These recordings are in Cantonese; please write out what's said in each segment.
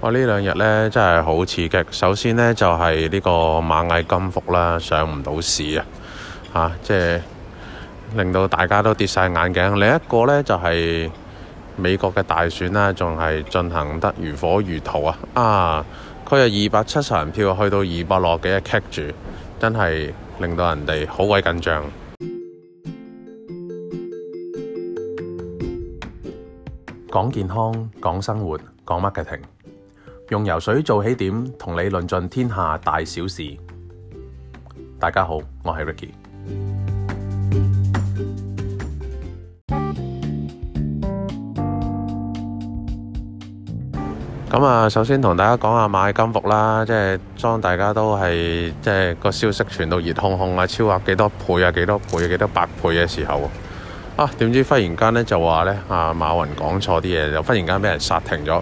我呢兩日呢，真係好刺激。首先呢，就係、是、呢個螞蟻金服啦，上唔到市啊，吓、啊、即係令到大家都跌晒眼鏡。另一個呢，就係、是、美國嘅大選啦、啊，仲係進行得如火如荼啊，啊，佢嘅二百七十人票去到二百六幾，係夾住，真係令到人哋好鬼緊張。講健康，講生活，講 marketing。用游水做起點，同你論盡天下大小事。大家好，我係 Ricky。咁啊，首先同大家講下螞蟻金服啦，即係當大家都係即係個消息傳到熱烘烘啊，超額幾多倍啊，幾多倍，幾多百倍嘅時候啊，點知忽然間呢就話呢啊，馬雲講錯啲嘢，就忽然間俾人剎停咗。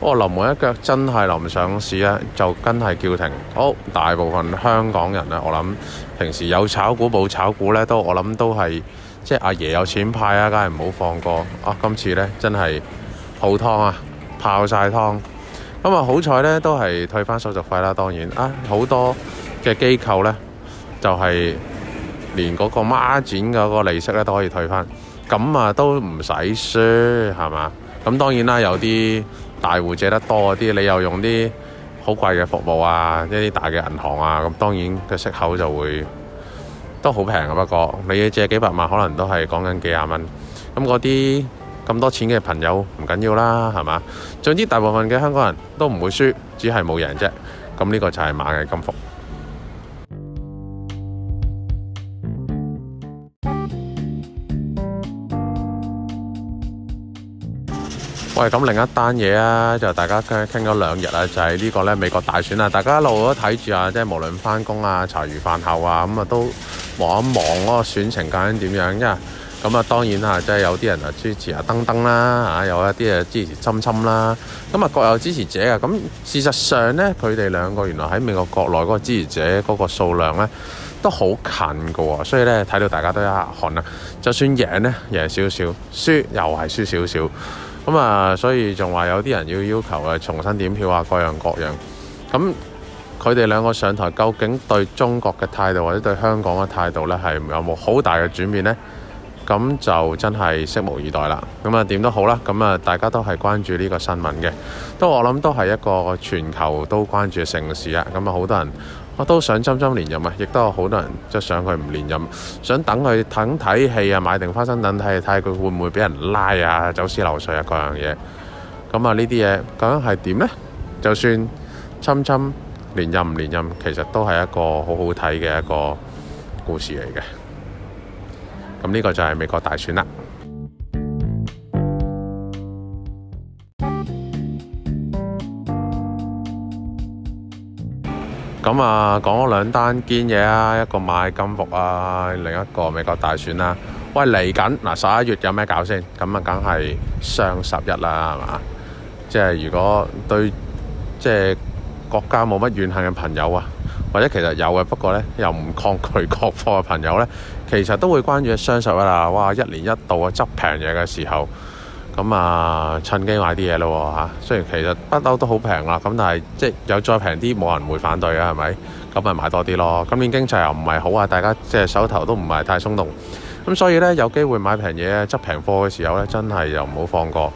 哦！臨門一腳真係臨上市咧、啊，就真係叫停。好大部分香港人咧，我諗平時有炒股冇炒股咧，都我諗都係即係阿爺有錢派啊，梗係唔好放過啊！今次咧真係泡湯啊，泡晒湯咁啊！好彩咧，都係退翻手續費啦。當然啊，好多嘅機構咧就係、是、連嗰個孖展嗰個利息咧都可以退翻，咁啊都唔使輸係嘛？咁當然啦，有啲。大戶借得多啲，你又用啲好貴嘅服務啊，一啲大嘅銀行啊，咁當然個息口就會都好平啊。不過你要借幾百萬，可能都係講緊幾廿蚊。咁嗰啲咁多錢嘅朋友唔緊要啦，係嘛？總之大部分嘅香港人都唔會輸，只係冇贏啫。咁呢個就係螞蟻金服。喂，咁另一單嘢啊，就大家傾傾咗兩日啊，就係呢個咧美國大選啊。大家一路都睇住啊，即係無論返工啊、茶餘飯後啊，咁啊都望一望嗰個選情究竟點樣。因咁啊，當然啊，即係有啲人啊支持阿登登啦，嚇，有一啲啊支持侵侵啦，咁啊各有支持者啊。咁事實上咧，佢哋兩個原來喺美國國內嗰個支持者嗰個數量咧都好近嘅喎，所以咧睇到大家都一下汗啊。就算贏呢贏少少，輸又係輸少少。咁啊、嗯，所以仲話有啲人要要求啊，重新點票啊，各樣各樣。咁佢哋兩個上台，究竟對中國嘅態度或者對香港嘅態度咧，係有冇好大嘅轉變咧？咁就真係拭目以待啦。咁啊，點都好啦。咁啊，大家都係關注呢個新聞嘅。都我諗都係一個全球都關注嘅城市啊。咁啊，好多人我都想侵侵連任啊，亦都有好多人即係想佢唔連任，想等佢等睇戲啊，買定花生等睇睇佢會唔會俾人拉啊，走私流水啊嗰樣嘢。咁啊，呢啲嘢究竟係點呢？就算侵侵連任唔連任，其實都係一個好好睇嘅一個故事嚟嘅。咁呢個就係美國大選啦。咁啊、嗯，講咗兩單堅嘢啊，一個螞蟻金服啊，另一個美國大選啦。喂，嚟緊嗱，十一月有咩搞先？咁啊，梗係雙十一啦，係嘛？即係如果對即係、就是、國家冇乜怨恨嘅朋友啊。或者其實有嘅，不過呢又唔抗拒國貨嘅朋友呢，其實都會關注雙十一啦！哇，一年一度啊，執平嘢嘅時候，咁啊，趁機買啲嘢咯嚇。雖然其實不嬲都好平啦，咁但係即係有再平啲，冇人會反對啊係咪？咁咪買多啲咯。今年經濟又唔係好啊，大家即係手頭都唔係太鬆動，咁所以呢，有機會買平嘢咧，執平貨嘅時候呢，真係又唔好放過。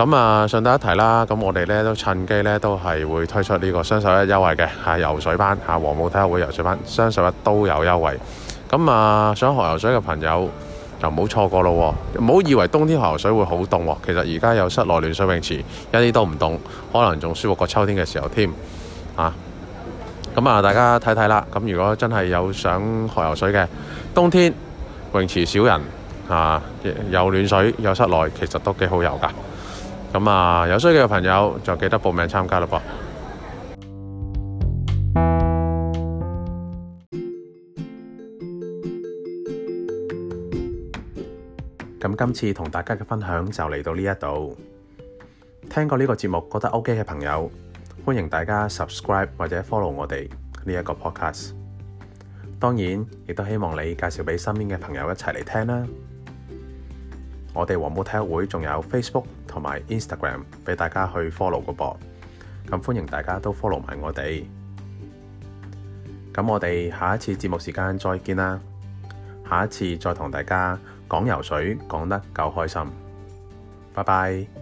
咁啊，順帶一提啦，咁我哋咧都趁機咧都係會推出呢個雙十一優惠嘅，係、啊、游水班嚇，黃、啊、埔體育會游水班雙十一都有優惠。咁啊，想學游水嘅朋友就唔好錯過咯、哦，唔好以為冬天學游水會好凍、哦，其實而家有室內暖水泳池，一啲都唔凍，可能仲舒服過秋天嘅時候添啊。咁啊，大家睇睇啦。咁如果真係有想學游水嘅，冬天泳池少人嚇、啊，有暖水有室內，其實都幾好游噶。咁啊，有需要嘅朋友就記得報名參加啦噃。咁今次同大家嘅分享就嚟到呢一度。聽過呢個節目覺得 OK 嘅朋友，歡迎大家 subscribe 或者 follow 我哋呢一個 podcast。當然，亦都希望你介紹俾身邊嘅朋友一齊嚟聽啦。我哋黃埔體育會仲有 Facebook 同埋 Instagram 俾大家去 follow 個噃，咁歡迎大家都 follow 埋我哋。咁我哋下一次節目時間再見啦，下一次再同大家講游水講得夠開心，拜拜。